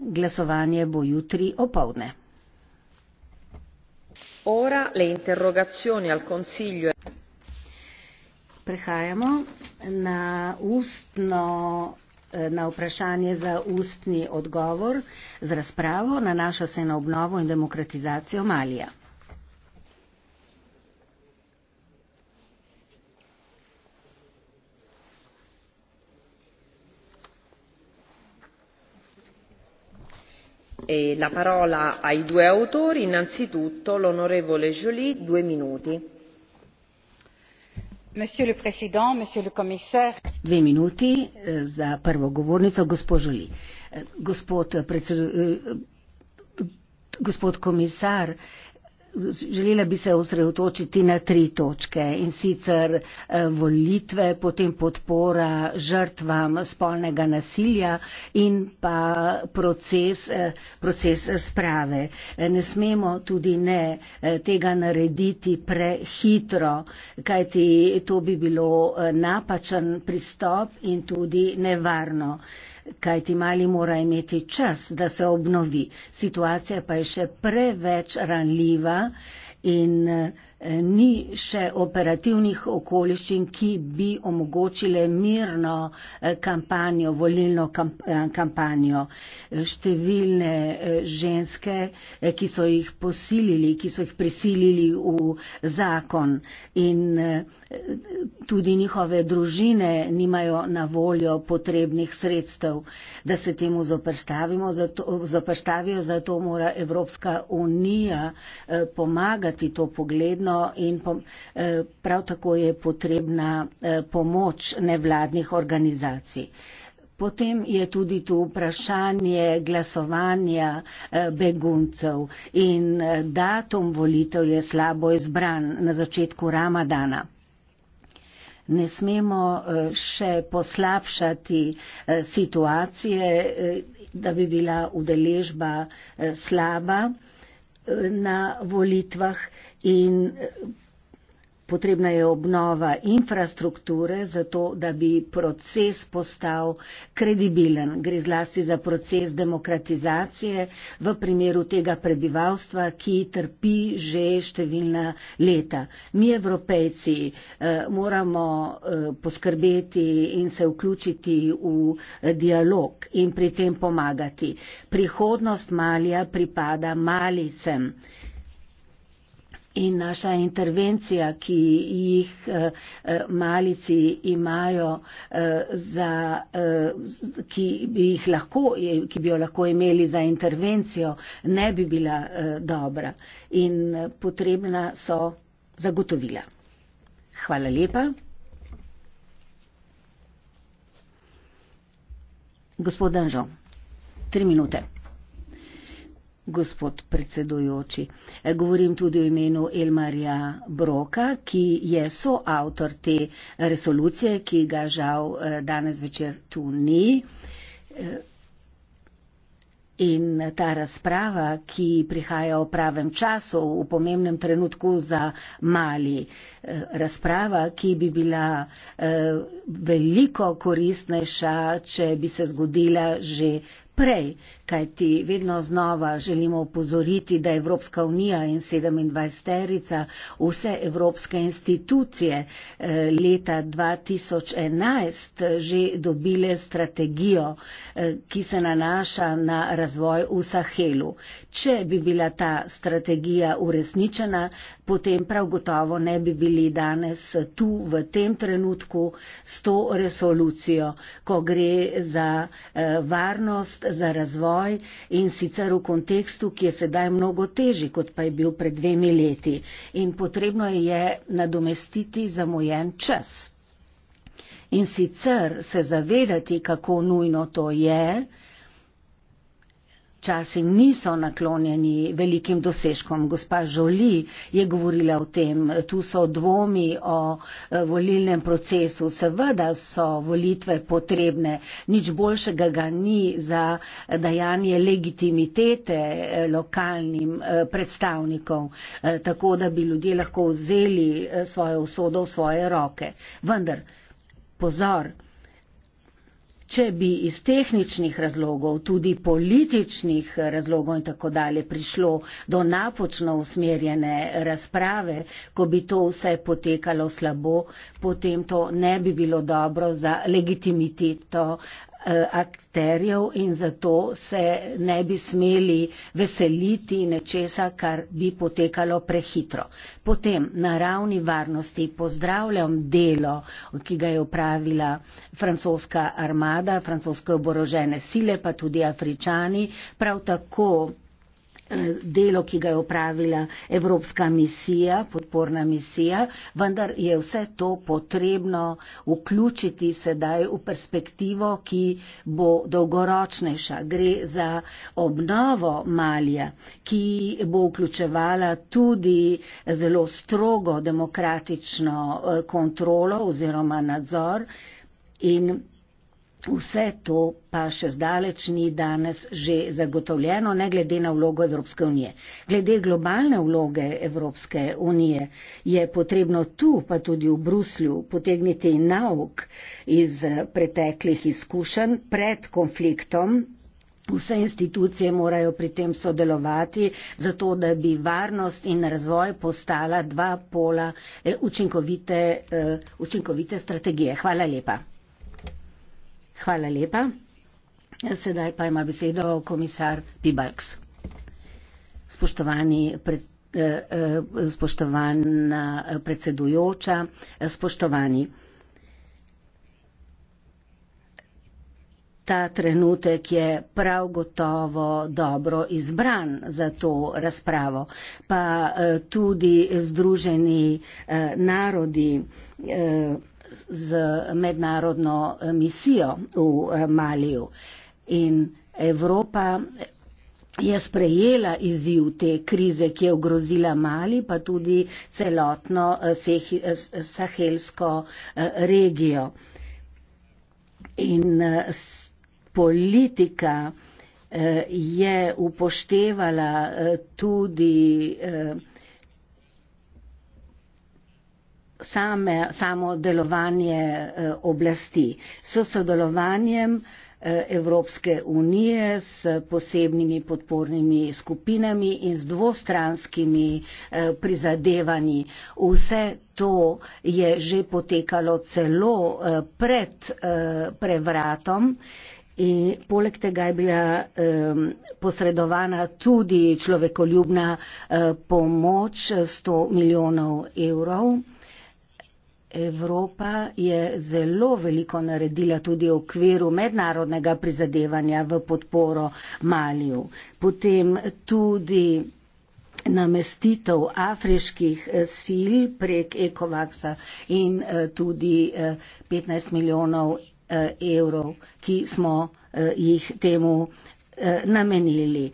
Glasovanje bo jutri opovdne. Ora le interrogacioni al consiglio. Prehajamo na ustno eh, na vprašanje za ustni odgovor z razpravo nanaša se na obnovo in demokratizacijo Malija. E la parola ai due autori innanzitutto l'onorevole joly due minuti. monsieur le président monsieur le commissaire dve minuti eh, za prvo govornico gospo joly. Eh, eh, gospod komisar Želela bi se osredotočiti na tri točke in sicer eh, volitve, potem podpora žrtvam spolnega nasilja in pa proces, eh, proces sprave. Eh, ne smemo tudi ne tega narediti prehitro, kajti to bi bilo napačen pristop in tudi nevarno kaj ti mali mora imeti čas, da se obnovi. Situacija pa je še preveč ranljiva in uh, Eh, ni še operativnih okoliščin, ki bi omogočile mirno eh, kampanjo, volilno eh, kampanjo. Številne ženske, ki so jih posilili, ki so jih prisilili v zakon in tudi njihove družine nimajo na voljo potrebnih sredstev, da se temu zoprstavijo, zato mora Evropska unija pomagati to pogledno potrebno in eh, prav tako je potrebna eh, pomoč nevladnih organizacij. Potem je tudi tu vprašanje glasovanja eh, beguncev in datum volitev je slabo izbran na začetku ramadana. Ne smemo še poslabšati situacije, da bi bila udeležba slaba na volitvah in potrebna je obnova infrastrukture, zato da bi proces postal kredibilen. Gre zlasti za proces demokratizacije v primeru tega prebivalstva, ki trpi že številna leta. Mi, evropejci, eh, moramo eh, poskrbeti in se vključiti v dialog in pri tem pomagati. Prihodnost Malija pripada malicem in naša intervencija, ki jih eh, eh, malici imajo, eh, za, ki, bi jih lahko, ki bi jo lahko imeli za intervencijo, ne bi bila dobra in potrebna so zagotovila. Hvala lepa. Gospod Danžo, tri minute gospod predsedujoči. E, govorim tudi o imenu Elmarja Broka, ki je soavtor te resolucije, ki ga žal e, danes večer tu ni. E, in ta razprava, ki prihaja v pravem času, v pomembnem trenutku za mali, razprava, ki bi bila veliko koristnejša, če bi se zgodila že naprej, kajti vedno znova želimo upozoriti, da Evropska unija in 27. terica vse evropske institucije eh, leta 2011 že dobile strategijo, eh, ki se nanaša na razvoj v Sahelu. Če bi bila ta strategija uresničena, potem prav gotovo ne bi bili danes tu v tem trenutku s to resolucijo, ko gre za eh, varnost za razvoj in sicer v kontekstu, ki je sedaj mnogo težji, kot pa je bil pred dvemi leti in potrebno je nadomestiti zamujen čas. In sicer se zavedati, kako nujno to je, časi niso naklonjeni velikim dosežkom. Gospa Žoli je govorila o tem, tu so dvomi o eh, volilnem procesu. Seveda so volitve potrebne, nič boljšega ga ni za dajanje legitimitete eh, lokalnim eh, predstavnikom, tako da bi ljudje lahko vzeli svojo usodo v svoje roke. Vendar, pozor, Če bi iz tehničnih razlogov, tudi političnih razlogov in tako dalje prišlo do napočno usmerjene razprave, ko bi to vse potekalo slabo, potem to ne bi bilo dobro za legitimiteto uh, Eh, akterjev in zato se ne bi smeli veseliti nečesa, kar bi potekalo prehitro. Potem na ravni varnosti pozdravljam delo, ki ga je upravila francoska armada, francoske oborožene sile, pa tudi afričani, prav tako Eh, delo, ki ga je upravila Evropska misija, podporna misija, vendar je vse to potrebno vključiti sedaj v perspektivo, ki bo dolgoročnejša. Gre za obnovo Malija, ki bo vključevala tudi zelo strogo demokratično eh, kontrolo oziroma nadzor in Vse to pa še zdaleč ni danes že zagotovljeno, ne glede na vlogo Evropske unije. Glede globalne vloge Evropske unije je potrebno tu, pa tudi v Bruslju, potegniti nauk iz preteklih izkušenj pred konfliktom. Vse institucije morajo pri tem sodelovati, zato da bi varnost in razvoj postala dva pola eh, učinkovite, eh, učinkovite strategije. Hvala lepa. Hvala lepa. Sedaj pa ima besedo komisar Pibarks. Spoštovani pred, eh, eh spoštovana eh, predsedujoča, eh, spoštovani. Ta trenutek je prav gotovo dobro izbran za to razpravo, pa eh, tudi Združeni eh, narodi. Eh, z mednarodno eh, misijo v eh, Maliju. In Evropa eh, je sprejela izziv te krize, ki je ogrozila Mali, pa tudi celotno sahelsko regijo. In politika je upoštevala tudi same, samo delovanje eh, oblasti s sodelovanjem eh, Evropske unije s posebnimi podpornimi skupinami in z dvostranskimi eh, prizadevanji. Vse to je že potekalo celo pred prevratom. In poleg tega je bila um, posredovana tudi človekoljubna uh, pomoč 100 milijonov evrov. Evropa je zelo veliko naredila tudi v okviru mednarodnega prizadevanja v podporo Maliju. Potem tudi namestitev afriških eh, sil prek Ekovaksa in eh, tudi 15 eh, milijonov evrov, ki smo jih temu namenili.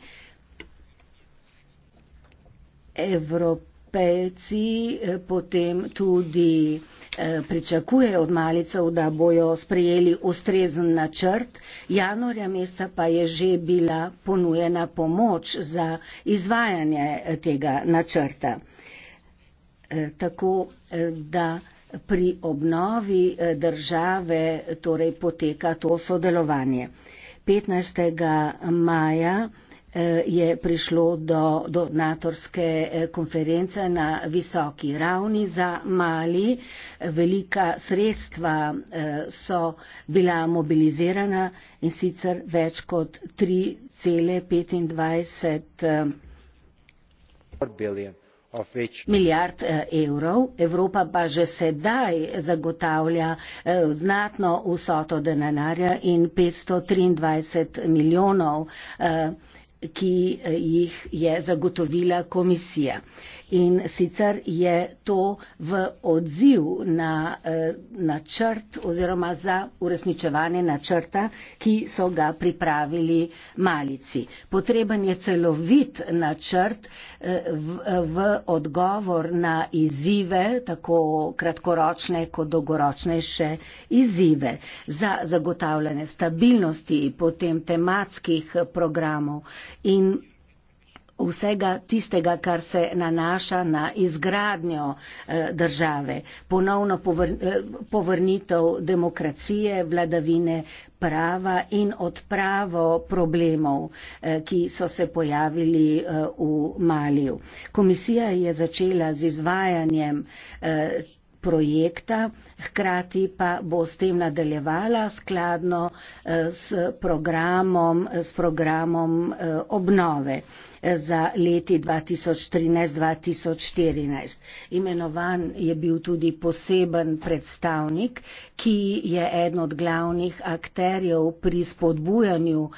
Evropejci potem tudi Eh, pričakujejo od malicev, da bojo sprejeli ustrezen načrt. Januarja meseca pa je že bila ponujena pomoč za izvajanje eh, tega načrta. Eh, tako da pri obnovi države torej poteka to sodelovanje. 15. maja je prišlo do donatorske eh, konference na visoki ravni za Mali. Velika sredstva eh, so bila mobilizirana in sicer več kot 3,25. Eh, milijard evrov. Evropa pa že sedaj zagotavlja znatno vsoto denarja in 523 milijonov evrov ki eh, jih je zagotovila komisija in sicer je to v odziv na eh, načrt oziroma za uresničevanje načrta, ki so ga pripravili malici. Potreben je celovit načrt eh, v odgovor na izzive, tako kratkoročne kot dolgoročnejše izzive. Za zagotavljanje stabilnosti potem tematskih programov in vsega tistega, kar se nanaša na izgradnjo eh, države, ponovno eh, povrnitev demokracije, vladavine prava in odpravo problemov, eh, ki so se pojavili v Maliju. Komisija je začela z izvajanjem projekta, hkrati pa bo s tem nadaljevala skladno eh, s programom, s programom eh, obnove eh, za leti 2013-2014. Imenovan je bil tudi poseben predstavnik, ki je eden od glavnih akterjev pri spodbujanju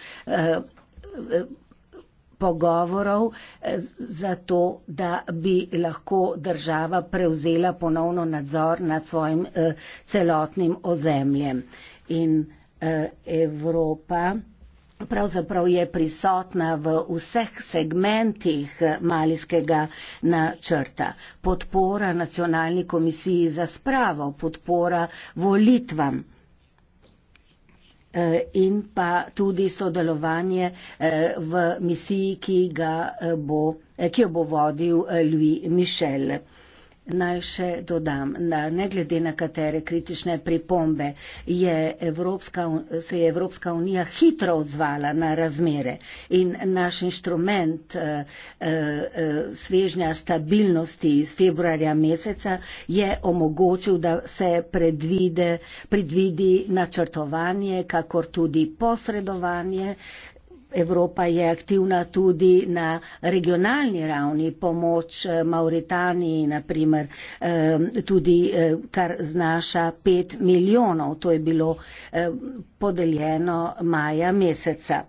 pogovorov eh, za to, da bi lahko država prevzela ponovno nadzor nad svojim eh, celotnim ozemljem. In eh, Evropa pravzaprav je prisotna v vseh segmentih malijskega načrta. Podpora nacionalni komisiji za spravo, podpora volitvam. Eh, in pa tudi sodelovanje eh, v misiji, ki, ga eh, bo, ki jo bo vodil Louis Michel. Naj še dodam, da ne glede na katere kritične pripombe je Evropska, se je Evropska unija hitro odzvala na razmere in naš inštrument eh, eh, eh, svežnja stabilnosti iz februarja meseca je omogočil, da se predvide, predvidi načrtovanje, kakor tudi posredovanje Evropa je aktivna tudi na regionalni ravni, pomoč eh, Mauritaniji, naprimer, eh, tudi eh, kar znaša 5 milijonov, to je bilo podeljeno maja meseca.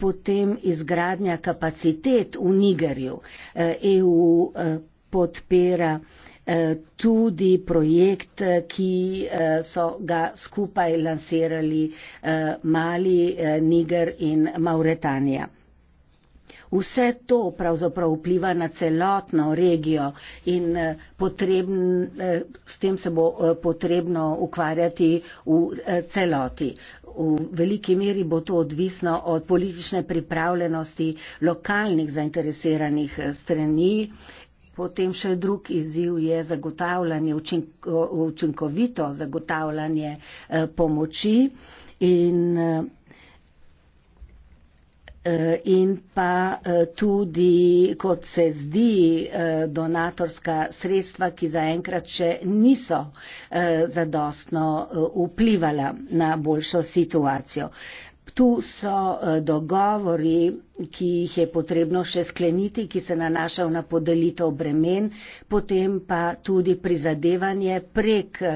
Potem izgradnja kapacitet v Nigerju. EU e podpira Eh, tudi projekt, eh, ki eh, so ga skupaj lansirali Mali, Niger in Mauretanija. Vse to pravzaprav vpliva na celotno regijo in potrebn, s tem se bo potrebno ukvarjati v celoti. V veliki meri bo to odvisno od politične pripravljenosti lokalnih zainteresiranih strani Potem še drug izziv je zagotavljanje učinko, učinkovito zagotavljanje eh, pomoči in, eh, eh, in pa eh, tudi, kot se zdi, eh, donatorska sredstva, ki zaenkrat še niso eh, zadostno eh, vplivala na boljšo situacijo. Eh, tu so e, dogovori, ki jih je potrebno še skleniti, ki se nanašajo na podelitev bremen, potem pa tudi prizadevanje prek e,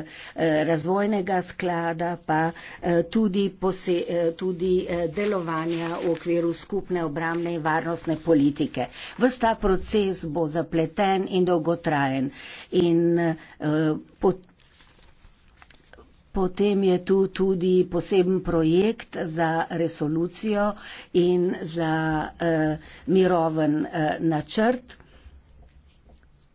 razvojnega sklada, pa e, tudi, pose, tudi delovanja v okviru skupne obramne in varnostne politike. Vsta proces bo zapleten in dolgotrajen. In, Potem je tu tudi poseben projekt za resolucijo in za eh, miroven eh, načrt.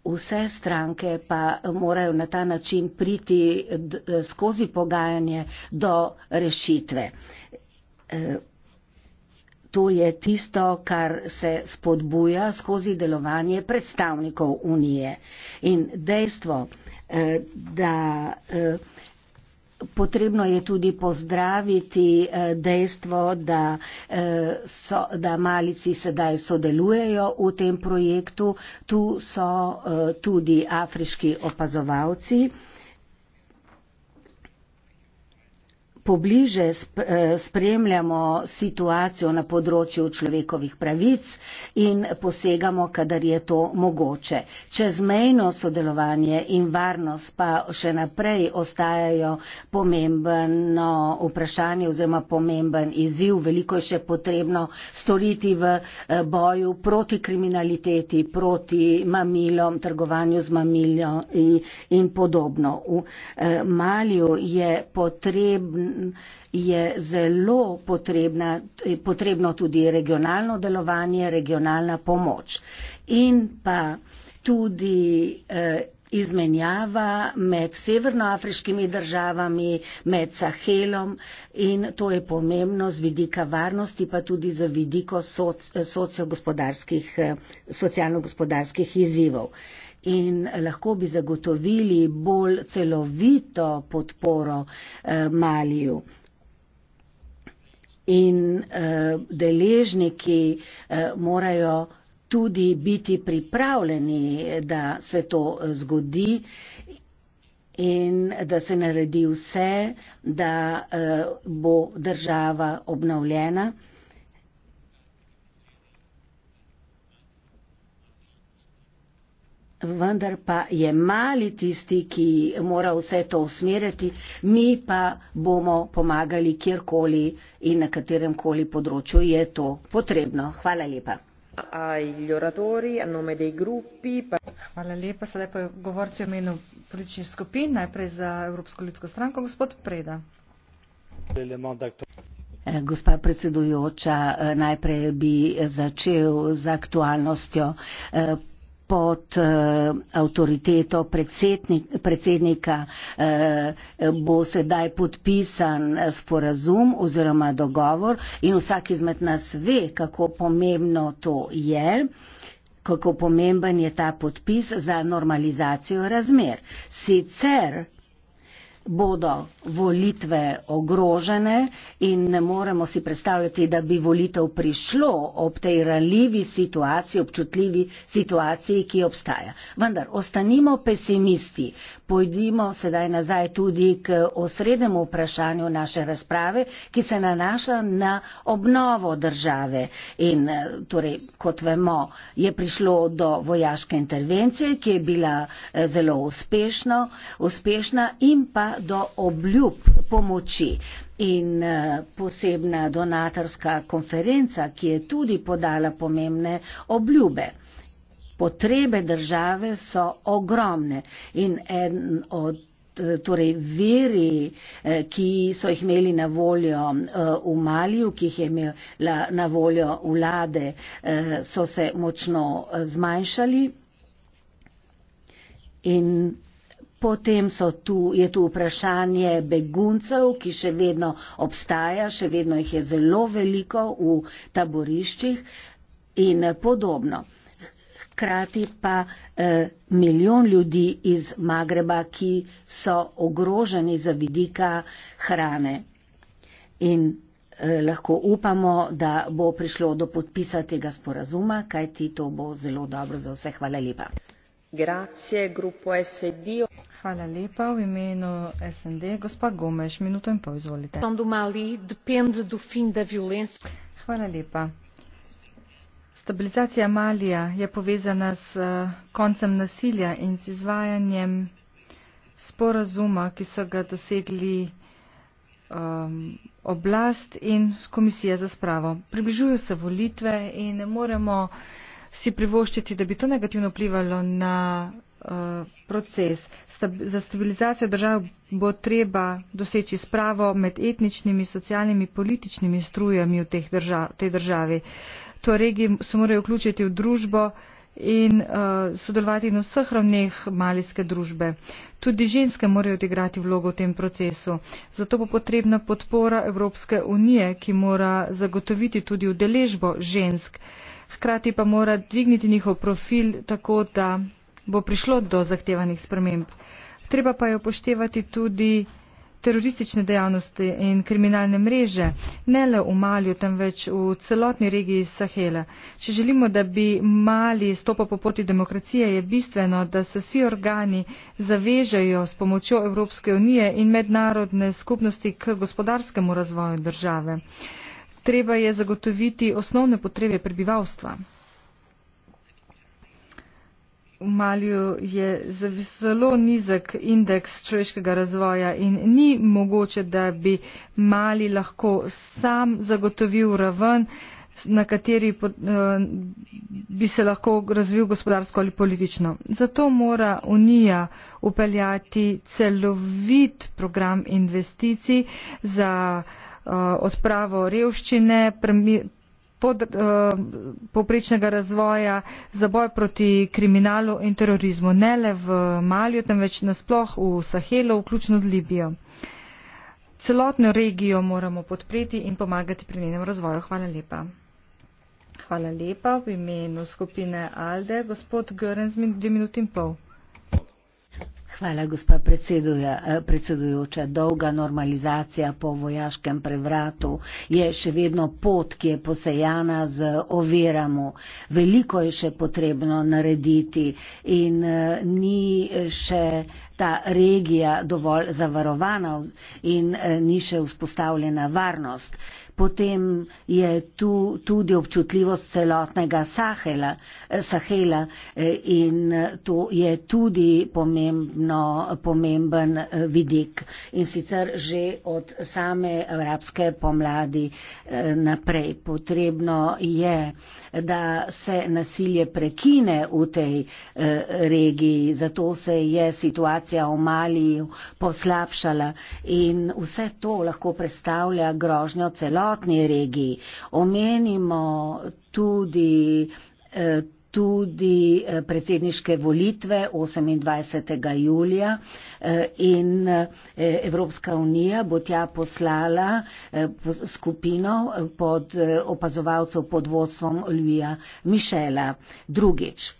Vse stranke pa morajo na ta način priti eh, skozi pogajanje do rešitve. E, to je tisto, kar se spodbuja skozi delovanje predstavnikov Unije. In dejstvo, e, da. E, Potrebno je tudi pozdraviti eh, dejstvo, da, eh, so, da malici sedaj sodelujejo v tem projektu. Tu so eh, tudi afriški opazovalci. pobliže sp eh, spremljamo situacijo na področju človekovih pravic in posegamo, kadar je to mogoče. Čezmejno sodelovanje in varnost pa še naprej ostajajo pomembno vprašanje oziroma pomemben izziv. Veliko je še potrebno storiti v eh, boju proti kriminaliteti, proti mamilom, trgovanju z mamilom in podobno. V eh, Maliju je potrebno je zelo potrebna, potrebno tudi regionalno delovanje, regionalna pomoč in pa tudi eh, izmenjava med severnoafriškimi državami, med Sahelom in to je pomembno z vidika varnosti, pa tudi z vidika soc, eh, socialno-gospodarskih izzivov. Eh, in lahko bi zagotovili bolj celovito podporo eh, Maliju. In eh, deležniki eh, morajo tudi biti pripravljeni, da se to zgodi in da se naredi vse, da bo država obnovljena. vendar pa je mali tisti, ki mora vse to usmeriti, mi pa bomo pomagali kjerkoli in na katerem koli področju je to potrebno. Hvala lepa. Hvala lepa, sedaj pa govorci o imenu političnih skupin, najprej za Evropsko ljudsko stranko, gospod Preda. Eh, gospa predsedujoča, eh, najprej bi začel z aktualnostjo. Eh, pod uh, avtoriteto predsednik, predsednika uh, bo sedaj podpisan eh, sporazum oziroma dogovor in vsak izmed nas ve, kako pomembno to je, kako pomemben je ta podpis za normalizacijo razmer. Sicer bodo volitve ogrožene in ne moremo si predstavljati, da bi volitev prišlo ob tej ranljivi situaciji, občutljivi situaciji, ki obstaja. Vendar ostanimo pesimisti, pojdimo sedaj nazaj tudi k osrednjemu vprašanju naše razprave, ki se nanaša na obnovo države. In eh, torej, kot vemo, je prišlo do vojaške intervencije, ki je bila eh, zelo uspešno, uspešna in pa do obljub pomoči. In eh, posebna donatorska konferenca, ki je tudi podala pomembne obljube. Potrebe države so ogromne in en od eh, torej veri, eh, ki so jih imeli na voljo v Maliju, ki jih je imela na voljo vlade, so se močno zmanjšali. In Potem so tu, je tu vprašanje beguncev, ki še vedno obstaja, še vedno jih je zelo veliko v taboriščih in podobno. Hkrati pa eh, milijon ljudi iz Magreba, ki so ogroženi za vidika hrane. In eh, lahko upamo, da bo prišlo do podpisa tega sporazuma, kajti to bo zelo dobro za vse. Hvala lepa stabilizacija malija je povezana s eh, koncem nasilja in z izvajanjem sporazuma ki so ga dosegli ehm, oblast in komisija za spravo približujejo se volitve in ne moremo si privoščiti, da bi to negativno vplivalo na uh, proces. Stab, za stabilizacijo držav bo treba doseči spravo med etničnimi, socialnimi, političnimi strujami v teh držav, tej državi. To regije se morajo vključiti v družbo in uh, sodelovati na vseh ravneh malijske družbe. Tudi ženske morajo odigrati vlogo v tem procesu. Zato bo potrebna podpora Evropske unije, ki mora zagotoviti tudi udeležbo žensk. Uh, hkrati pa mora dvigniti njihov profil tako, da bo prišlo do zahtevanih sprememb. Treba pa je upoštevati tudi teroristične dejavnosti in kriminalne mreže, ne le v Malju, temveč v celotni regiji Sahela. Če želimo, da bi Mali stopal po poti demokracije, je bistveno, da se vsi organi zavežejo s pomočjo Evropske unije in mednarodne skupnosti k gospodarskemu razvoju države treba je zagotoviti osnovne potrebe prebivalstva. V Maliju je zelo nizek indeks človeškega razvoja in ni mogoče, da bi Mali lahko sam zagotovil raven, na kateri eh, bi se lahko razvil gospodarsko ali politično. Zato mora Unija upeljati celovit program investicij za Eh, odpravo revščine, pod, uh, eh, poprečnega razvoja za boj proti kriminalu in terorizmu, ne le v Malju, temveč nasploh v Sahelu, vključno z Libijo. Celotno regijo moramo podpreti in pomagati pri njenem razvoju. Hvala lepa. Hvala lepa v imenu skupine Alde. Gospod Görens, dve minuti in pol. Hvala, gospa eh, predsedujoča. Dolga normalizacija po vojaškem prevratu je še vedno pot, ki je posejana z ovirami. Veliko je še potrebno narediti in eh, ni še ta regija dovolj zavarovana in eh, ni še vzpostavljena varnost potem je tu tudi občutljivost celotnega Sahela, Sahela eh, in to je tudi pomembno, pomemben eh, vidik in sicer že od same arabske pomladi eh, naprej. Potrebno je, da se nasilje prekine v tej regiji, zato se je situacija v Maliji poslabšala in vse to lahko predstavlja grožnjo celotnega celotni regiji. Omenimo tudi, eh, tudi eh, predsedniške volitve 28. julija eh, in Evropska unija bo tja poslala skupino pod opazovalcev pod vodstvom Ljuja Mišela. Drugič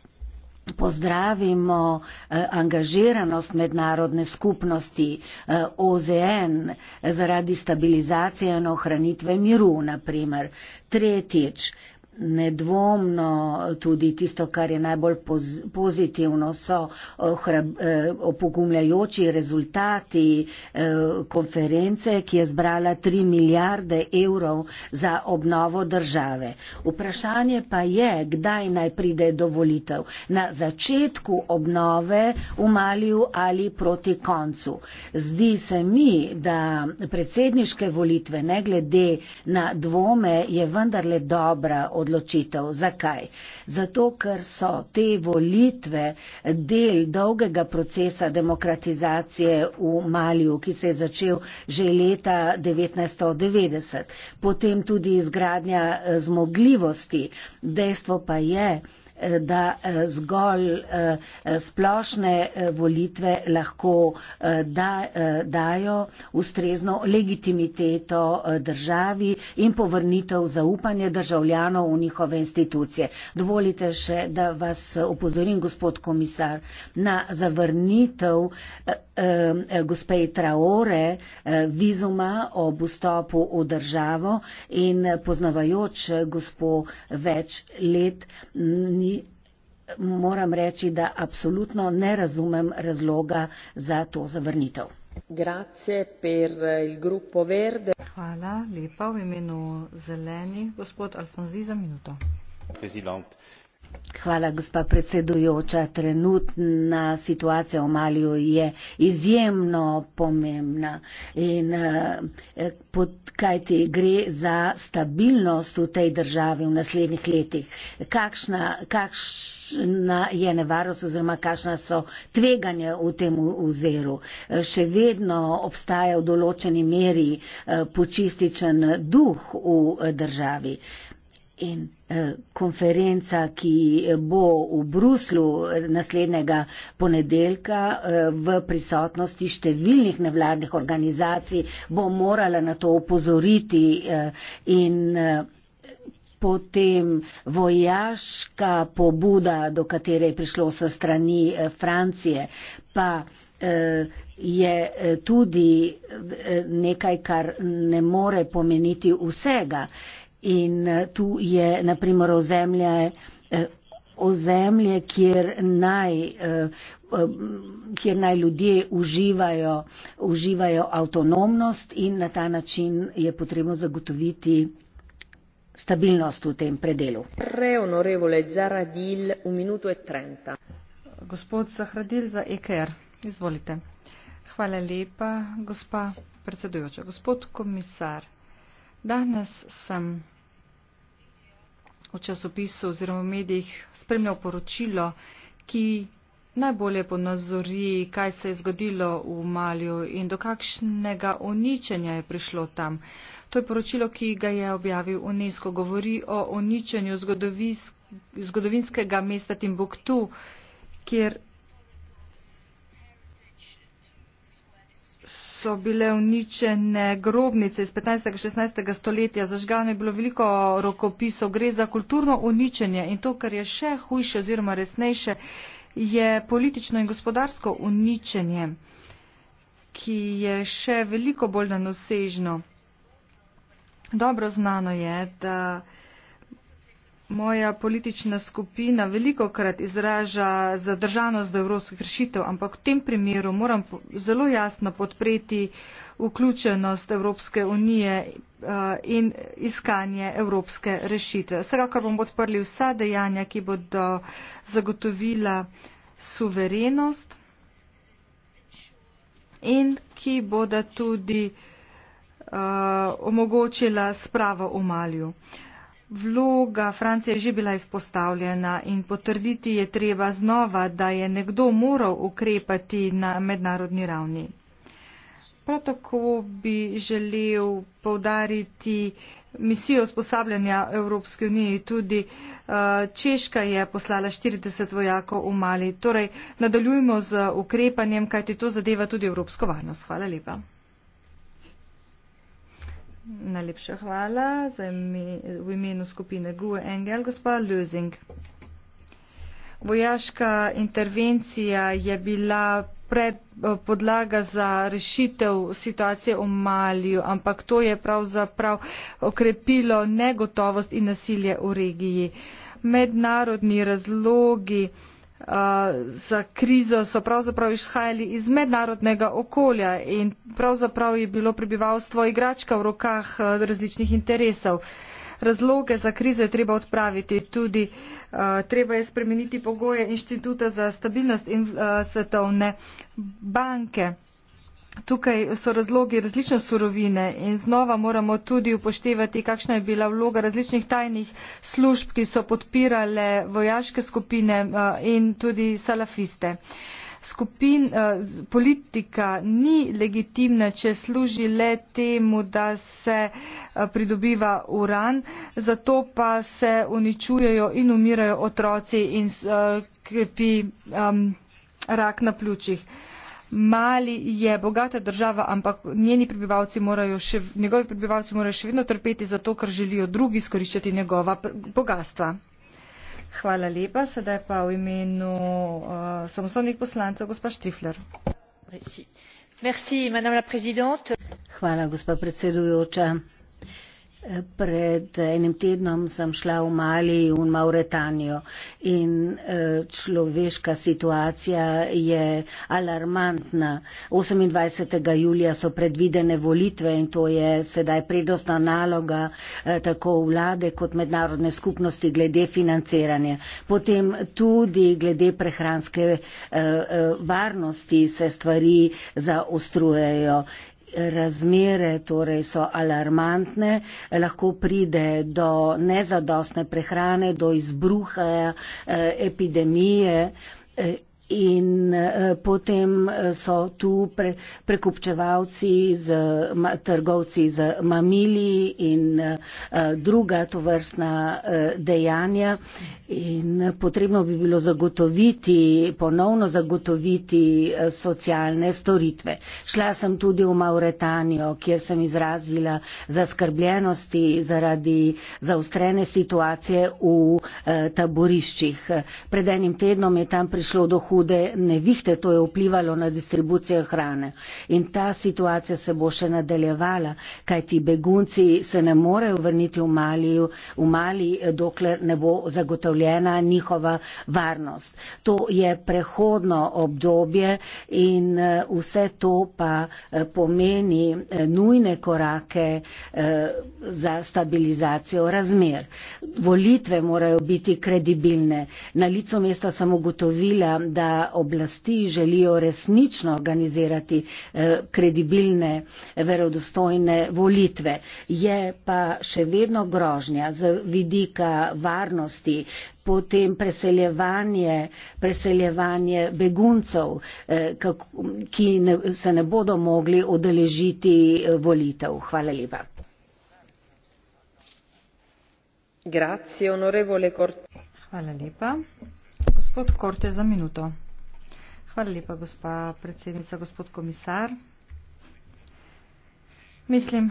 pozdravimo eh, angažiranost mednarodne skupnosti eh, OZN zaradi stabilizacije in ohranitve miru na primer. Tretjič, Nedvomno tudi tisto, kar je najbolj poz, pozitivno, so ohrab, eh, eh, opogumljajoči rezultati eh, konference, ki je zbrala 3 milijarde evrov za obnovo države. Vprašanje pa je, kdaj naj pride dovolitev, na začetku obnove v Maliju ali proti koncu. Zdi se mi, da predsedniške volitve, ne glede na dvome, je vendarle dobra odločitev odločitev. Zakaj? Zato, ker so te volitve del dolgega procesa demokratizacije v Maliju, ki se je začel že leta 1990. Potem tudi izgradnja eh, zmogljivosti. Dejstvo pa je, da eh, zgolj eh, splošne eh, volitve lahko da, dajo ustrezno legitimiteto državi in povrnitev zaupanja državljanov v njihove institucije. Dovolite še, da vas opozorim, gospod komisar, na zavrnitev gospe Traore vizuma ob vstopu v državo in poznavajoč gospo več let strani moram reči, da absolutno ne razumem razloga za to zavrnitev. Hvala lepa v imenu zelenih. Gospod Alfonzi za minuto. Hvala, gospa predsedujoča. Trenutna situacija v Maliju je izjemno pomembna in eh, kajti gre za stabilnost v tej državi v naslednjih letih. Kakšna, kakšna je nevarnost oziroma kakšna so tveganja v tem oziru? Eh, še vedno obstaja v določeni meri eh, počističen duh v državi. In Eh, konferenca, ki bo v Bruslu naslednjega ponedeljka eh, v prisotnosti številnih nevladnih organizacij, bo morala na to upozoriti eh, in potem vojaška pobuda, do katere je prišlo sa strani Francije, pa je tudi nekaj, kar ne more pomeniti vsega in eh, tu je naprimer ozemlje, eh, ozemlje kjer, naj, eh, kjer naj ljudje uživajo, uživajo avtonomnost in na ta način je potrebno zagotoviti stabilnost v tem predelu. E Gospod Zahradil za EKR, izvolite. Hvala lepa, gospa predsedujoča. Gospod komisar, danes sem v časopisu oziroma v medijih spremljal poročilo, ki najbolje ponazori, kaj se je zgodilo v Malju in do kakšnega uničenja je prišlo tam. To je poročilo, ki ga je objavil UNESCO. Govori o uničenju zgodovinskega mesta Timbuktu, kjer so bile uničene grobnice iz 15. in 16. stoletja, zažgano je bilo veliko rokopisov, gre za kulturno uničenje in to, kar je še hujše oziroma resnejše, je politično in gospodarsko uničenje, ki je še veliko bolj nanosežno. Dobro znano je, da moja politična skupina veliko krat izraža zadržanost do evropskih rešitev, ampak v tem primeru moram zelo jasno podpreti vključenost Evropske unije eh, in iskanje evropske rešitve. Vsekakor bom podprli vsa dejanja, ki bodo zagotovila suverenost in ki bodo tudi uh, omogočila spravo v Malju. Uh, Vloga Francije je že bila izpostavljena in potrditi je treba znova, da je nekdo moral ukrepati na mednarodni ravni. Prav tako bi želel povdariti misijo usposabljanja Evropske unije. Tudi eh, Češka je poslala 40 vojakov v Mali. Torej, nadaljujmo z ukrepanjem, kajti to zadeva tudi evropsko varnost. Hvala lepa. Najlepša hvala imi, v imenu skupine GUE Engel, gospa Lusing. Vojaška intervencija je bila pred, podlaga za rešitev situacije v Maliju, ampak to je pravzaprav okrepilo negotovost in nasilje v regiji. Mednarodni razlogi za krizo so pravzaprav izhajali iz mednarodnega okolja in pravzaprav je bilo prebivalstvo igračka v rokah različnih interesov. Razloge za krizo je treba odpraviti tudi, treba je spremeniti pogoje inštituta za stabilnost in svetovne banke tukaj so razlogi različne surovine in znova moramo tudi upoštevati kakšna je bila vloga različnih tajnih služb ki so podpirale vojaške skupine eh, in tudi salafiste. Skupin, eh, politika ni legitimna, če služi le temu, da se eh, pridobiva uran, zato pa se uničujejo in umirajo otroci in krepi um, rak na pljučih. Uh, mali je bogata država ampak njeni prebivalci morajo še, njegovi prebivalci morajo še vedno trpeti zato, ker želijo drugi izkoriščati njegova bogatstva. Hvala lepa. Sedaj pa v imenu uh, eh, samostalnih poslancev gospa Štrifler. Merci, madame la présidente. Hvala, gospa predsedujoča. Pred enim tednom sem šla v Mali in Mauretanijo in eh, človeška situacija je alarmantna. 28. julija so predvidene volitve in to je sedaj predostna naloga eh, tako vlade kot mednarodne skupnosti glede financiranja. Potem tudi glede prehranske eh, varnosti se stvari zaostrujejo razmere torej so alarmantne, lahko pride do nezadostne prehrane, do izbruha eh, epidemije eh, in eh, potem so tu pre, prekupčevalci, z, trgovci z mamili in druga tovrstna dejanja. In potrebno bi bilo zagotoviti, ponovno zagotoviti eh, socialne storitve. Šla sem tudi v Mauretanijo, kjer sem izrazila zaskrbljenosti zaradi zaustrene situacije v eh, taboriščih. Pred enim tednom je tam prišlo do hude nevihte, to je vplivalo na distribucijo hrane. In ta situacija se bo še nadaljevala, kaj ti begunci se ne morejo vrniti v Mali, v Mali dokler ne bo zagotovljeno zagotovljena njihova varnost. To je prehodno obdobje in eh, vse to pa eh, pomeni eh, nujne korake za stabilizacijo razmer. Volitve morajo biti kredibilne. Na licu mesta sem ugotovila, da oblasti želijo resnično organizirati kredibilne, verodostojne volitve. Je pa še vedno grožnja z vidika varnosti, potem preseljevanje, preseljevanje beguncev, eh, ki se ne bodo mogli odeležiti eh, volitev. Hvala lepa. Hvala lepa. Gospod Korte za minuto. Hvala lepa, gospa predsednica, gospod komisar. Mislim,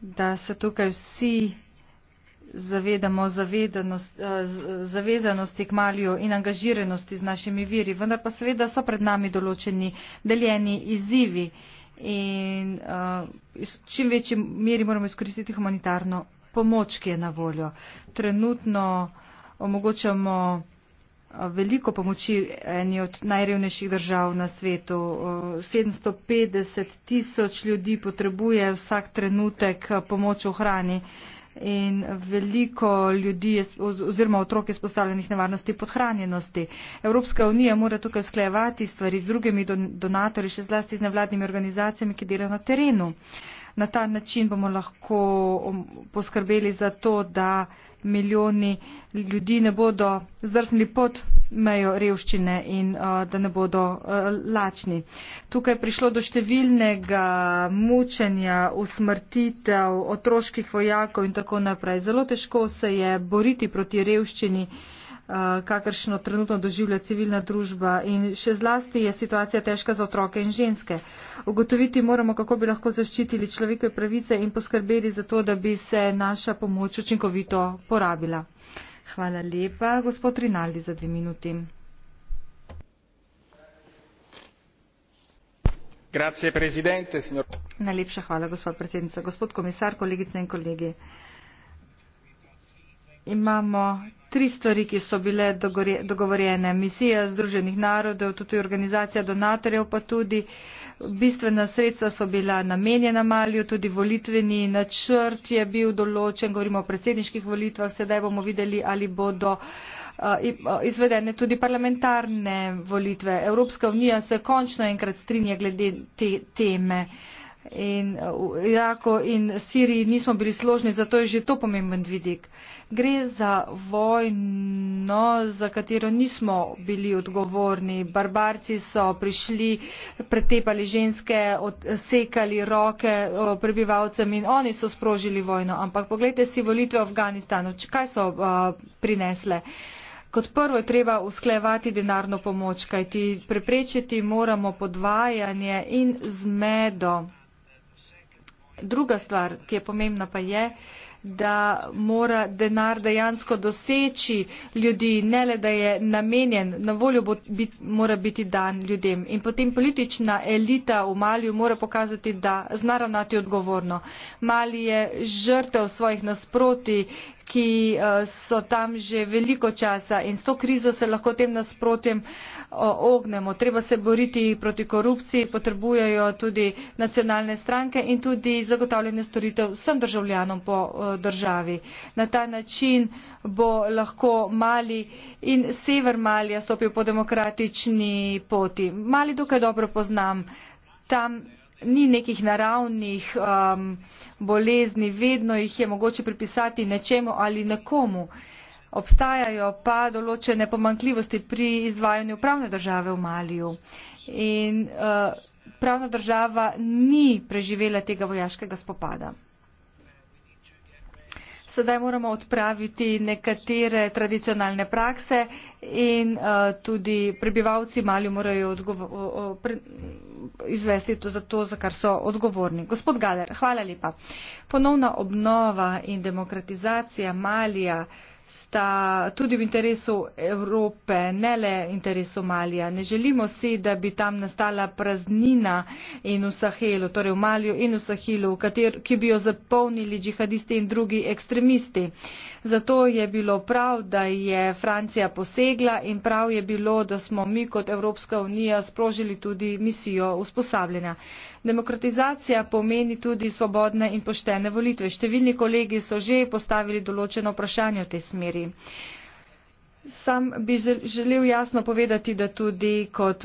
da se tukaj vsi zavedamo eh, zavezanosti k malju in angažiranosti z našimi viri, vendar pa seveda so pred nami določeni deljeni izzivi in uh, čim večji meri moramo izkoristiti humanitarno pomoč, ki je na voljo. Trenutno omogočamo eh, veliko pomoči eni od najrevnejših držav na svetu. 750 tisoč ljudi potrebuje vsak trenutek pomoč v hrani. Uh, in veliko ljudi je, oziroma otrok je spostavljenih nevarnosti podhranjenosti. Evropska unija mora tukaj sklejevati stvari z drugimi donatorji, še zlasti z nevladnimi organizacijami, ki delajo na terenu. Uh, Na ta način bomo lahko um, poskrbeli za to, da milijoni ljudi ne bodo zdrsnili pod mejo revščine in uh, da ne bodo uh, lačni. Tukaj je prišlo do številnega mučenja, usmrtitev, otroških vojakov in tako naprej. Zelo težko se je boriti proti revščini. Uh, Eh, kakršno trenutno doživlja civilna družba in še zlasti je situacija težka za otroke in ženske. Ugotoviti moramo, kako bi lahko zaščitili človekove pravice in poskrbeli za to, da bi se naša pomoč učinkovito porabila. Hvala lepa, gospod Rinaldi, za dve minuti. Signor... Najlepša hvala, gospod predsednica. Gospod komisar, kolegice in kolegi. Imamo tri stvari, ki so bile dogovorjene. Misija Združenih narodov, tudi organizacija donatorjev, pa tudi bistvena sredstva so bila namenjena Malju, tudi volitveni načrt je bil določen, govorimo o predsedniških volitvah, sedaj bomo videli, ali bodo izvedene tudi parlamentarne volitve. Evropska unija se končno enkrat strinja glede te teme in uh, v Iraku in Siriji nismo bili složni, zato je že to pomemben vidik. Gre za vojno, za katero nismo bili odgovorni. Barbarci so prišli, pretepali ženske, odsekali roke uh, prebivalcem in oni so sprožili vojno. Ampak pogledajte si volitve v Afganistanu, kaj so uh, prinesle. Kot prvo je treba usklejevati denarno pomoč, kajti preprečiti moramo podvajanje in zmedo druga stvar ki je pomembna pa je da mora denar dejansko doseči ljudi ne le da je namenjen na voljo bo, bit, mora biti dan ljudem in potem politična elita v maliju mora pokazati da zna ravnati odgovorno mali je žrtev svojih nasproti ki eh, so tam že veliko časa in s to krizo se lahko tem nasprotjem uh, ognemo. Treba se boriti proti korupciji, potrebujejo tudi nacionalne stranke in tudi zagotavljanje storitev vsem državljanom po državi. Na ta način bo lahko Mali in sever Malija stopil po demokratični poti. Mali dokaj dobro poznam. Tam ni nekih naravnih um, bolezni, vedno jih je mogoče pripisati nečemu ali nekomu obstajajo pa določene pomankljivosti pri izvajanju pravne države v Maliju. In uh, pravna država ni preživela tega vojaškega spopada. Sedaj moramo odpraviti nekatere tradicionalne prakse in uh, tudi prebivalci Mali morajo izvesti to za to, za kar so odgovorni. Gospod Galer, hvala lepa. Ponovna obnova in demokratizacija Malija. Uh, sta tudi v interesu Evrope, ne le interesu Malija. Ne želimo si, da bi tam nastala praznina in v Sahelu, torej v Maliju in v Sahilu, kater, ki bi jo zapolnili džihadisti in drugi ekstremisti. Zato je bilo prav, da je Francija posegla in prav je bilo, da smo mi kot Evropska unija sprožili tudi misijo usposabljanja. Demokratizacija pomeni tudi svobodne in poštene volitve. Številni kolegi so že postavili določeno vprašanje v tej smeri. Sam bi želel jasno povedati, da, tudi kot,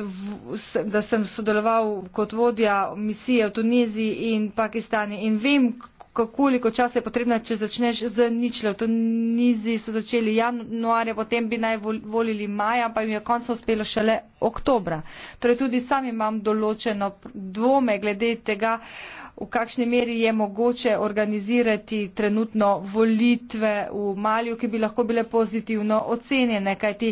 da sem sodeloval kot vodja misije v Tuniziji in Pakistani in vem, koliko časa je potrebno, če začneš z ničle. V Tunizi so začeli januarja, potem bi naj volili maja, pa jim je konca uspelo šele oktobra. Torej tudi sam imam določeno dvome glede tega, uh, v kakšni meri je mogoče organizirati trenutno volitve v Malju, ki bi lahko bile pozitivno ocenjene, kajti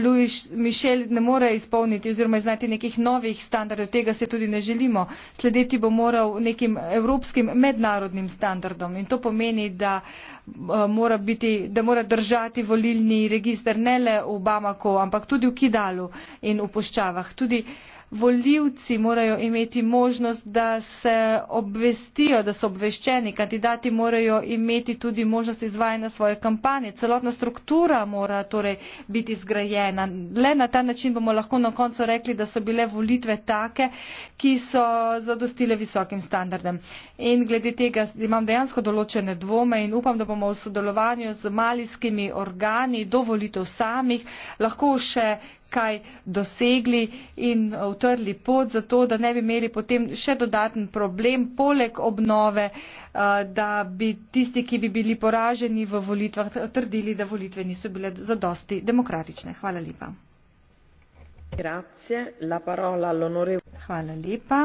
Louis Michel ne more izpolniti oziroma iznati nekih novih standardov, tega se tudi ne želimo. Sledeti bo moral nekim evropskim mednarodnim standardom in to pomeni, da eh, mora, biti, da mora držati volilni register ne le v Bamako, ampak tudi v Kidalu in v Poščavah. Tudi volivci morajo imeti možnost, da se obvestijo, da so obveščeni, kandidati morajo imeti tudi možnost izvajanja svoje kampanje, celotna struktura mora torej biti zgrajena. Le na ta način bomo lahko na koncu rekli, da so bile volitve take, ki so zadostile visokim standardem. In glede tega imam dejansko določene dvome in upam, da bomo v sodelovanju z malijskimi organi do volitev samih lahko še kaj dosegli in utrli pot za to, da ne bi imeli potem še dodaten problem poleg obnove, eh, da bi tisti, ki bi bili poraženi v volitvah, trdili, da volitve niso bile zadosti demokratične. Hvala lepa. Grazie, la parola all'onorevole. Hvala lepa.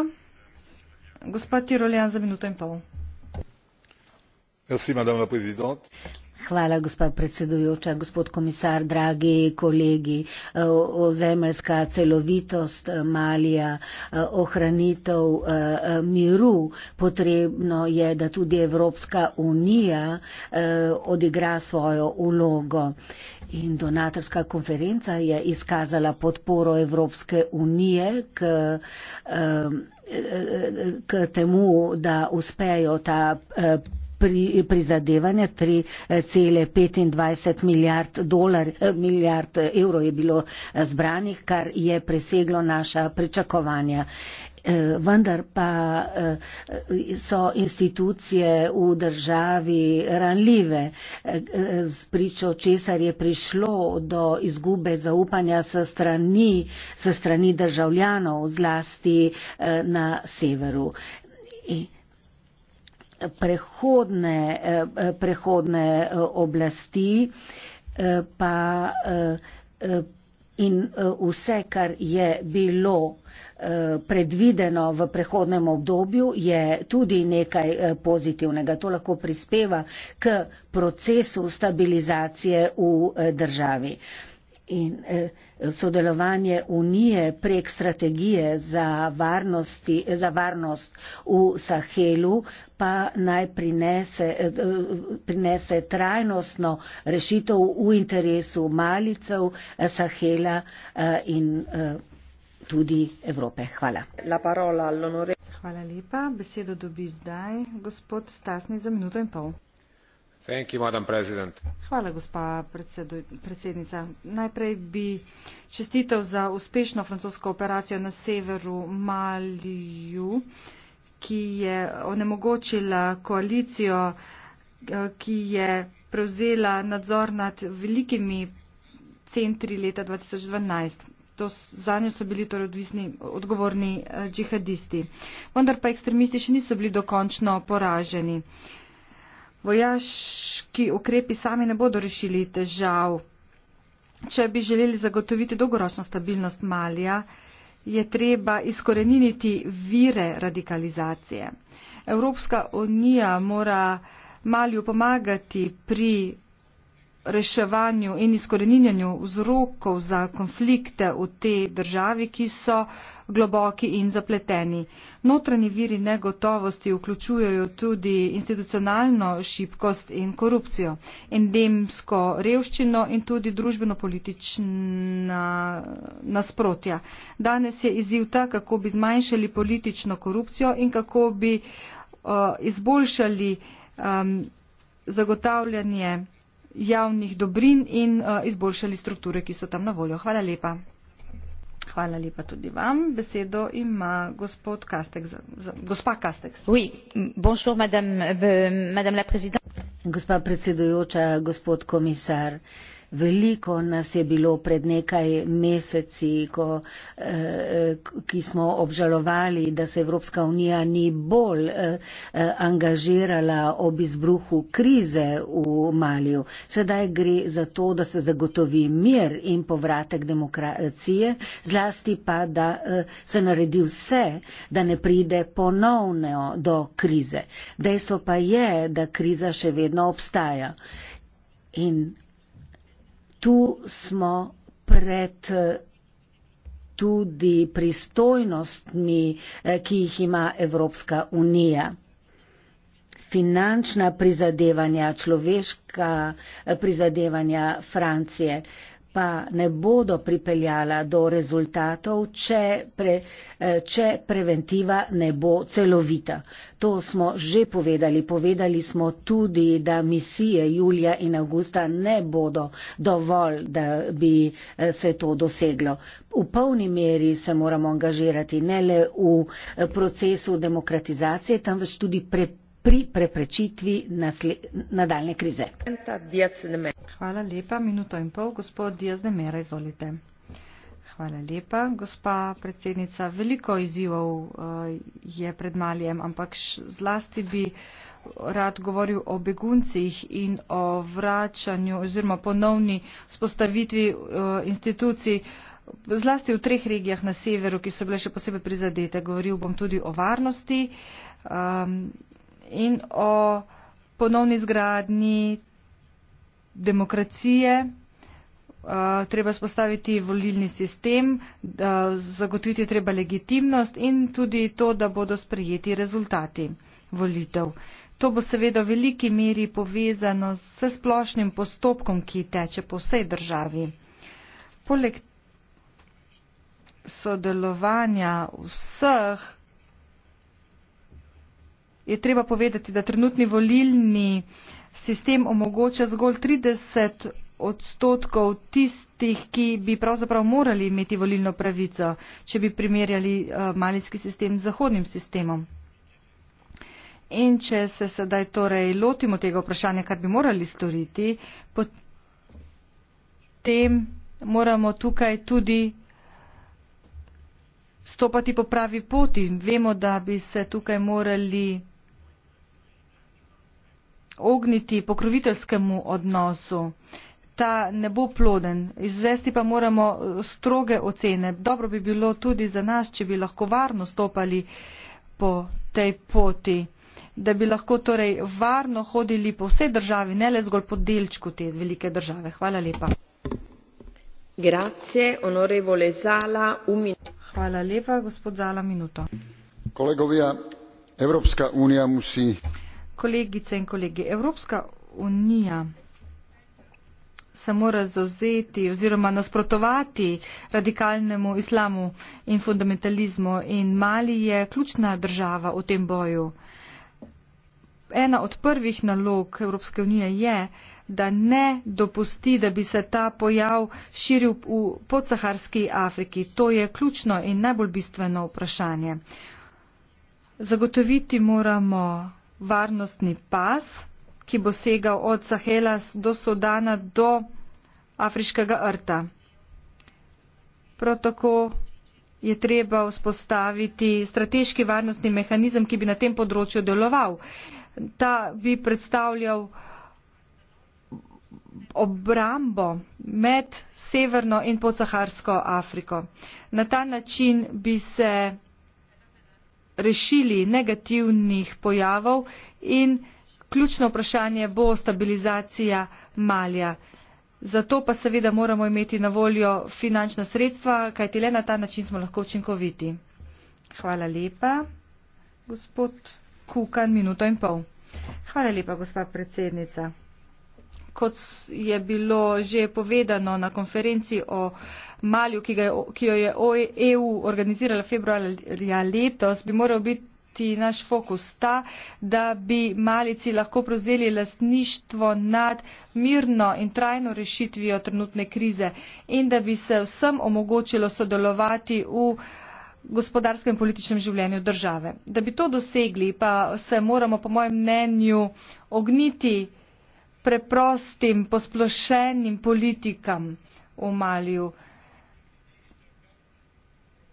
Gospod Tirolian za minuto in pol. Merci, madame la présidente. Hvala, gospod predsedujoča, gospod komisar, dragi kolegi. Ozemeljska celovitost eh, Malija, eh, ohranitev eh, miru, potrebno je, da tudi Evropska unija odigra svojo ulogo. In donatorska konferenca je izkazala podporo Evropske unije k, k temu, da uspejo ta pri, prizadevanja 3,25 eh, milijard dolar, eh, milijard eh, evrov je bilo zbranih, kar je preseglo naša pričakovanja. Vendar pa so institucije v državi ranljive, z pričo česar je prišlo do izgube zaupanja s strani, strani državljanov, zlasti na severu. In prehodne, eh, prehodne eh, oblasti eh, pa in vse, kar je bilo predvideno v prehodnem obdobju, je tudi nekaj pozitivnega. To lahko prispeva k procesu stabilizacije v državi in eh, sodelovanje unije prek strategije za, za varnost v Sahelu pa naj prinese, eh, prinese trajnostno rešitev v interesu malicev eh, Sahela in tudi Evrope. Hvala. Hvala lepa. Besedo dobi zdaj gospod Stasni za minuto in pol. Hvala, gospa predsednica. Najprej bi čestitev za uspešno francosko operacijo na severu Maliju, ki je onemogočila koalicijo, eh, ki je prevzela nadzor nad velikimi centri leta 2012. Za njo so bili torej odvisni, odgovorni eh, džihadisti. Vendar pa ekstremisti še niso bili dokončno poraženi. Vojaški ukrepi sami ne bodo rešili težav. Če bi želeli zagotoviti dolgoročno stabilnost Malija, je treba izkoreniniti vire radikalizacije. Evropska unija mora Malju pomagati pri reševanju in izkoreninjanju vzrokov za konflikte v tej državi, ki so globoki in zapleteni. Notranji viri negotovosti vključujejo tudi institucionalno šibkost in korupcijo, endemsko revščino in tudi družbeno-politična nasprotja. Danes je izziv ta, kako bi zmanjšali politično korupcijo in kako bi uh, izboljšali um, zagotavljanje javnih dobrin in eh, izboljšali strukture, ki so tam na voljo. Hvala lepa. Hvala lepa tudi vam. Besedo ima gospod Kasteks. Gospa Kasteks. Oui, bonjour, madame, euh, madame la présidente. Gospa predsedujoča, gospod komisar. Uh, Veliko nas je bilo pred nekaj meseci, ko, eh, ki smo obžalovali, da se Evropska unija ni bolj eh, angažirala ob izbruhu krize v Malju. Sedaj gre za to, da se zagotovi mir in povratek demokracije, zlasti pa, da eh, se naredi vse, da ne pride ponovno do krize. Dejstvo pa je, da kriza še vedno obstaja. In tu smo pred eh, tudi pristojnostmi, eh, ki jih ima Evropska unija. Finančna prizadevanja človeška, eh, prizadevanja Francije. Uh, pa ne bodo pripeljala do rezultatov, če, pre, eh, če preventiva ne bo celovita. To smo že povedali. Povedali smo tudi, da misije julija in avgusta ne bodo dovolj, da bi eh, se to doseglo. V polni meri se moramo angažirati ne le v eh, procesu demokratizacije, temveč tudi prepričanja pri preprečitvi nadaljne krize. Hvala lepa, minuto in pol, gospod Diaz de Mera, izvolite. Hvala lepa, gospa predsednica. Veliko izzivov eh, je pred malijem, ampak zlasti bi rad govoril o beguncih in o vračanju oziroma ponovni spostavitvi eh, institucij. Zlasti v treh regijah na severu, ki so bile še posebej prizadete, govoril bom tudi o varnosti um, in o ponovni zgradni demokracije. Uh, treba spostaviti volilni sistem, uh, zagotoviti treba legitimnost in tudi to, da bodo sprejeti rezultati volitev. To bo seveda v veliki meri povezano s splošnim postopkom, ki teče po vsej državi. Poleg sodelovanja vseh je treba povedati, da trenutni volilni sistem omogoča zgolj 30 odstotkov tistih, ki bi pravzaprav morali imeti volilno pravico, če bi primerjali eh, malinski sistem z zahodnim sistemom. In če se sedaj torej lotimo tega vprašanja, kar bi morali storiti, potem moramo tukaj tudi stopati po pravi poti. Vemo, da bi se tukaj morali ogniti pokroviteljskemu odnosu ta ne bo ploden izvesti pa moramo eh, stroge ocene dobro bi bilo tudi za nas če bi lahko varno stopali po tej poti da bi lahko torej varno hodili po vsej državi ne le zgolj po delčku te velike države hvala lepa Grazie, onorevole Zala, umin... Hvala lepa, gospod Zala, minuto. Kolegovia, Evropska unija musí kolegice in kolegi, Evropska unija se mora zauzeti oziroma nasprotovati radikalnemu islamu in fundamentalizmu in Mali je ključna država v tem boju. Ena od prvih nalog Evropske unije je, da ne dopusti, da bi se ta pojav širil v podsaharski Afriki. To je ključno in najbolj bistveno vprašanje. Zagotoviti moramo varnostni pas, ki bo segal od Sahela do Sudana do Afriškega rta. Prav tako je treba vzpostaviti strateški varnostni mehanizem, ki bi na tem področju deloval. Ta bi predstavljal obrambo med Severno in podsaharsko Afriko. Na ta način bi se rešili negativnih pojavov in ključno vprašanje bo stabilizacija malja. Zato pa seveda moramo imeti na voljo finančna sredstva, kajti le na ta način smo lahko učinkoviti. Hvala lepa, gospod Kukan, minuto in pol. Hvala lepa, gospa predsednica kot je bilo že povedano na konferenci o Malju, ki, ga, ki jo je EU organizirala februarja letos, bi moral biti naš fokus ta, da bi Malici lahko prevzeli lastništvo nad mirno in trajno rešitvijo trenutne krize in da bi se vsem omogočilo sodelovati v gospodarskem in političnem življenju države. Da bi to dosegli, pa se moramo, po mojem mnenju, ogniti preprostim posplošenim politikam v Maliju.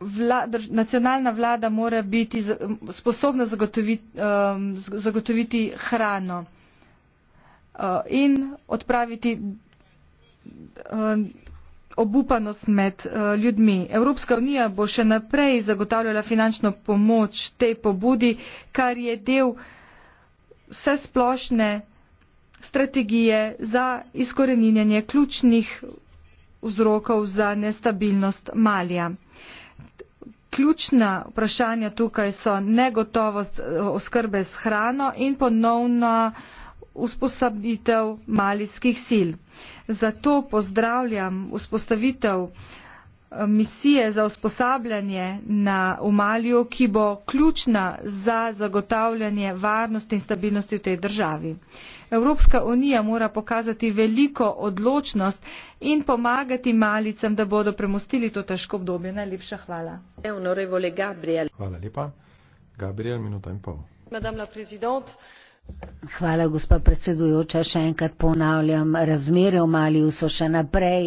Vla, nacionalna vlada mora biti sposobna zagotoviti, um, zagotoviti hrano uh, in odpraviti um, obupanost med uh, ljudmi. Evropska unija bo še naprej zagotavljala finančno pomoč tej pobudi, kar je del vse splošne strategije za izkoreninjanje ključnih vzrokov za nestabilnost Malija. Ključna vprašanja tukaj so negotovost eh, oskrbe s hrano in ponovna usposabitev malijskih sil. Zato pozdravljam vzpostavitev eh, misije za usposabljanje na Umaliju, ki bo ključna za zagotavljanje varnosti in stabilnosti v tej državi evropska unija mora pokazati veliko odločnost in pomagati malicam da bodo premostili to težko obdobje najlepša hvala hvala lepa gabriel minuta in pol madame la présidente Hvala, gospa predsedujoča. Še enkrat ponavljam, razmere v Maliju so še naprej,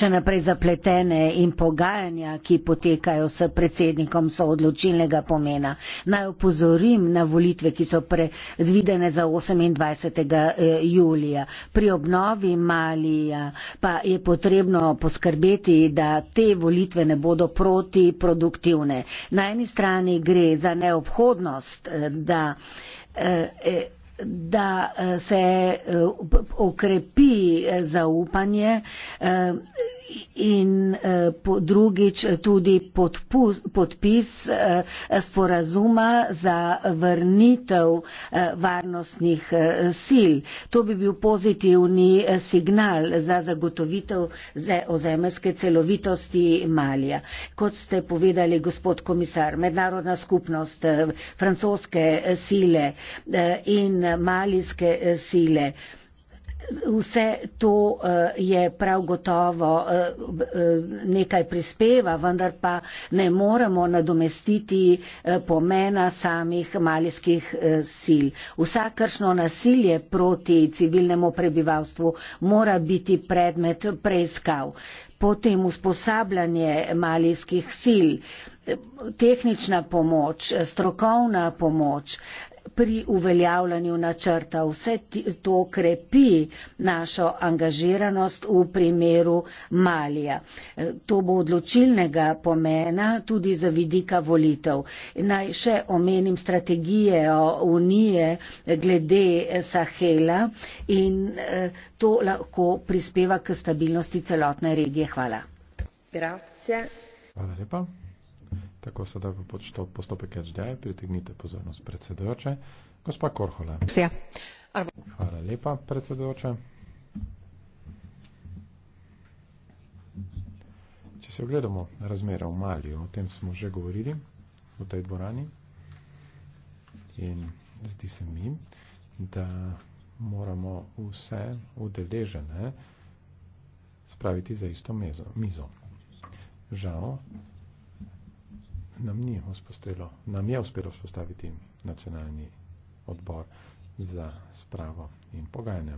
še naprej zapletene in pogajanja, ki potekajo s predsednikom, so odločilnega pomena. Naj opozorim na volitve, ki so predvidene za 28. Eh, julija. Pri obnovi Malija pa je potrebno poskrbeti, da te volitve ne bodo protiproduktivne. Na eni strani gre za neobhodnost, eh, da Eh, eh, da eh, se okrepi zaupanje in eh, po drugič tudi podpus, podpis eh, sporazuma za vrnitev eh, varnostnih sil. To bi bil pozitivni signal za zagotovitev ozemeljske celovitosti Malija. Kot ste povedali, gospod komisar, mednarodna skupnost, francoske sile in malijske sile. Vse to eh, je prav gotovo eh, eh, nekaj prispeva, vendar pa ne moremo nadomestiti pomena samih malijskih sil. Vsakršno nasilje proti civilnemu prebivalstvu mora biti predmet preiskav. Potem usposabljanje malijskih sil, tehnična pomoč, strokovna pomoč, pri uveljavljanju načrta. Vse to krepi našo angažiranost v primeru Malija. E, to bo odločilnega pomena tudi za vidika volitev. Naj še omenim strategije Unije glede e, Sahela in e, to lahko prispeva k stabilnosti celotne regije. Hvala. Grazie. Hvala lepa. Tako sedaj pa počto postopek HDI, pritegnite pozornost predsedujoče. Gospa Korhola. Ja. Hvala lepa, predsedujoče. Če se ogledamo razmere v Maliju, o tem smo že govorili v tej dvorani in zdi se mi, da moramo vse udeležene spraviti za isto mezo, mizo. Žal nam ni uspostavilo, nam je uspelo vzpostaviti nacionalni odbor za spravo in pogajanje.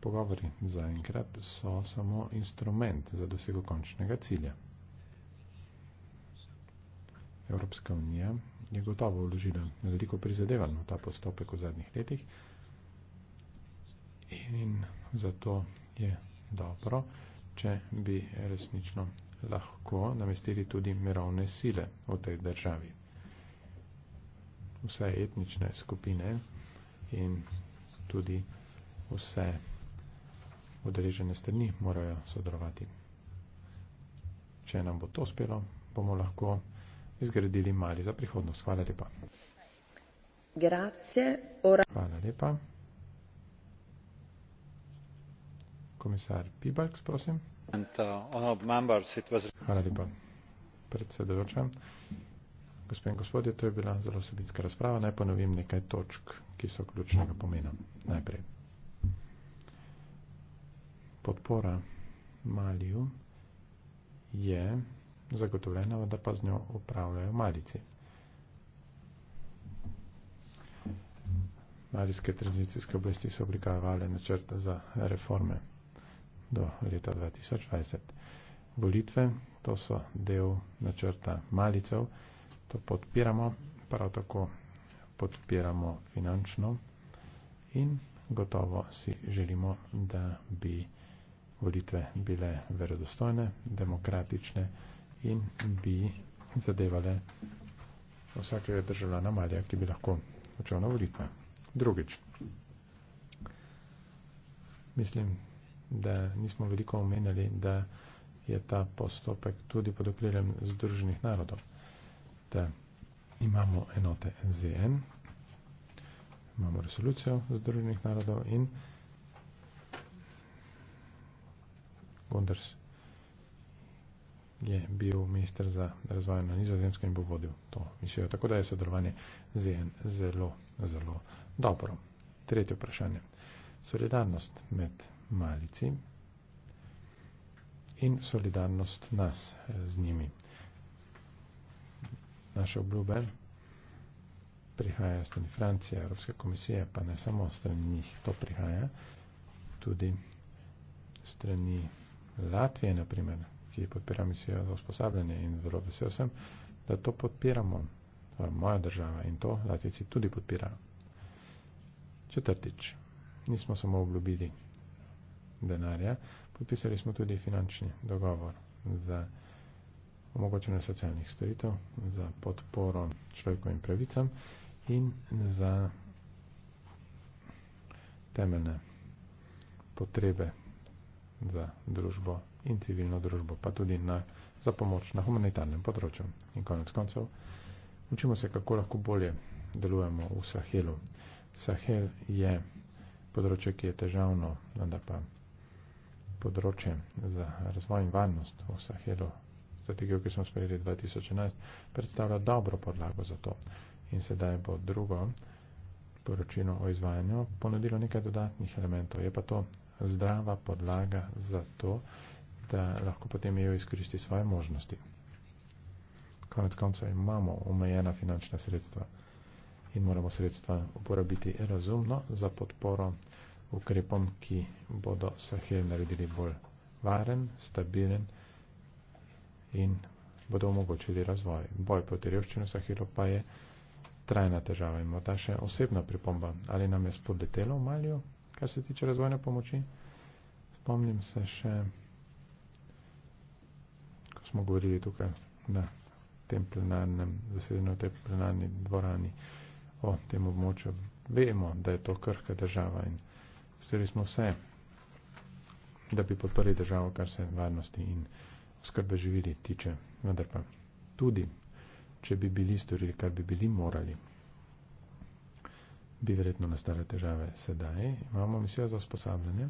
Pogovori za enkrat so samo instrument za dosego končnega cilja. Evropska unija je gotovo vložila veliko prizadevanj v ta postopek v zadnjih letih in zato je dobro, če bi resnično lahko namestili tudi mirovne sile v tej državi. Vse etnične skupine in tudi vse odrežene strani morajo sodelovati. Če nam bo to uspelo, bomo lahko izgradili mali za prihodnost. Hvala lepa. Hvala lepa. Komisar Pibalks, prosim hvala lepa predsedujoča gospe in gospodje to je bila zelo sebitska razprava naj ponovim nekaj točk ki so ključnega pomena najprej podpora maliju je zagotovljena da pa z njo upravljajo malici malijske tranzicijske oblasti so oblikovale načrt za reforme do leta 2020. Volitve, to so del načrta malicev, to podpiramo, prav tako podpiramo finančno in gotovo si želimo, da bi volitve bile verodostojne, demokratične in bi zadevale vsakega državljana Malija, ki bi lahko očel na volitve. Drugič, mislim, da nismo veliko omenjali, da je ta postopek tudi pod okriljem Združenih narodov. Da imamo enote ZN, imamo resolucijo Združenih narodov in Gonders je bil minister za razvoj na nizozemskem in bo vodil to misijo. Tako da je sodelovanje ZN zelo, zelo dobro. Tretje vprašanje. Solidarnost med malici in solidarnost nas eh, z njimi. Naše obljube prihajajo strani Francije, Evropske komisije, pa ne samo strani njih, to prihaja tudi strani Latvije, naprimer, ki podpira misijo za usposabljanje in zelo vesel sem, da to podpiramo, to je moja država in to Latvici tudi podpirajo. Četrtič, nismo samo obljubili denarja. Podpisali smo tudi finančni dogovor za omogočenje socialnih storitev, za podporo človekovim pravicam in za temeljne potrebe za družbo in civilno družbo, pa tudi na, za pomoč na humanitarnem področju. In konec koncev učimo se, kako lahko bolje delujemo v Sahelu. Sahel je področje, ki je težavno, da pa področje za razvoj in varnost v Sahelu, strategijo, ki smo sprejeli 2011, predstavlja dobro podlago za to. In sedaj bo drugo poročilo o izvajanju ponudilo nekaj dodatnih elementov. Je pa to zdrava podlaga za to, da lahko potem EU izkoristi svoje možnosti. Konec konca imamo omejena finančna sredstva in moramo sredstva uporabiti razumno za podporo ukrepom, ki bodo Sahel naredili bolj varen, stabilen in bodo omogočili razvoj. Boj proti revščini v Sahelu pa je trajna težava in morda še osebna pripomba. Ali nam je spodletelo v Malju, kar se tiče razvojne pomoči? Spomnim se še, ko smo govorili tukaj na tem plenarnem zasedanju, v tej plenarni dvorani o tem območju. Vemo, da je to krhka država in storili smo vse, da bi podprli državo, kar se varnosti in skrbe živili tiče. Vendar pa tudi, če bi bili storili, kar bi bili morali, bi verjetno nastale težave sedaj. Imamo misijo za usposabljanje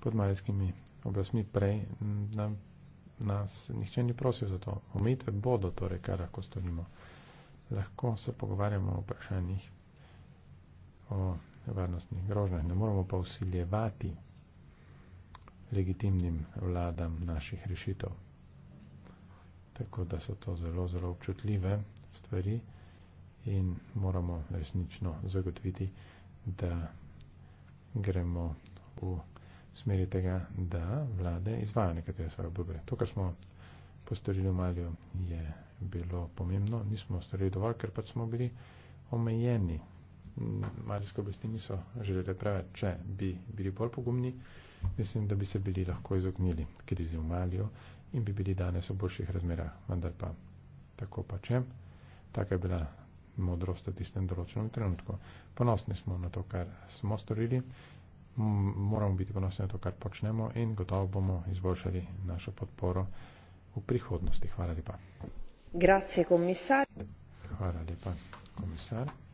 pod malskimi oblastmi prej, da nas nihče ni prosil za to. Omejitve bodo torej, kar lahko storimo. Lahko se pogovarjamo o vprašanjih o varnostnih grožnjah. Ne moramo pa usiljevati legitimnim vladam naših rešitev. Tako da so to zelo, zelo občutljive stvari in moramo resnično zagotoviti, da gremo v smeri tega, da vlade izvajo nekatere svoje obljube. To, kar smo postorili v Malju, je bilo pomembno. Nismo storili dovolj, ker pač smo bili omejeni malijske oblasti niso želele preveč, če bi bili bolj pogumni, mislim, da bi se bili lahko izognili krizi v Malijo in bi bili danes v boljših razmerah, vendar pa tako pa če. Taka je bila modrost v tistem določenem trenutku. Ponosni smo na to, kar smo storili, moramo biti ponosni na to, kar počnemo in gotovo bomo izboljšali našo podporo v prihodnosti. Hvala lepa. Grazie, commissario. Hvala lepa, commissario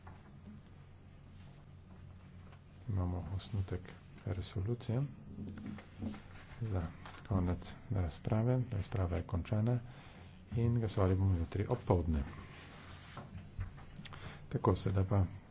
imamo osnutek resolucije za konec razprave. Razprava je končana in ga bomo jutri ob povdne. Tako se da pa